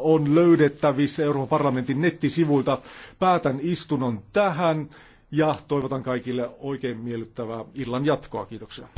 on löydettävissä Euroopan parlamentin nettisivuilta. Päätän istunnon tähän ja toivotan kaikille oikein miellyttävää illan jatkoa. Kiitoksia.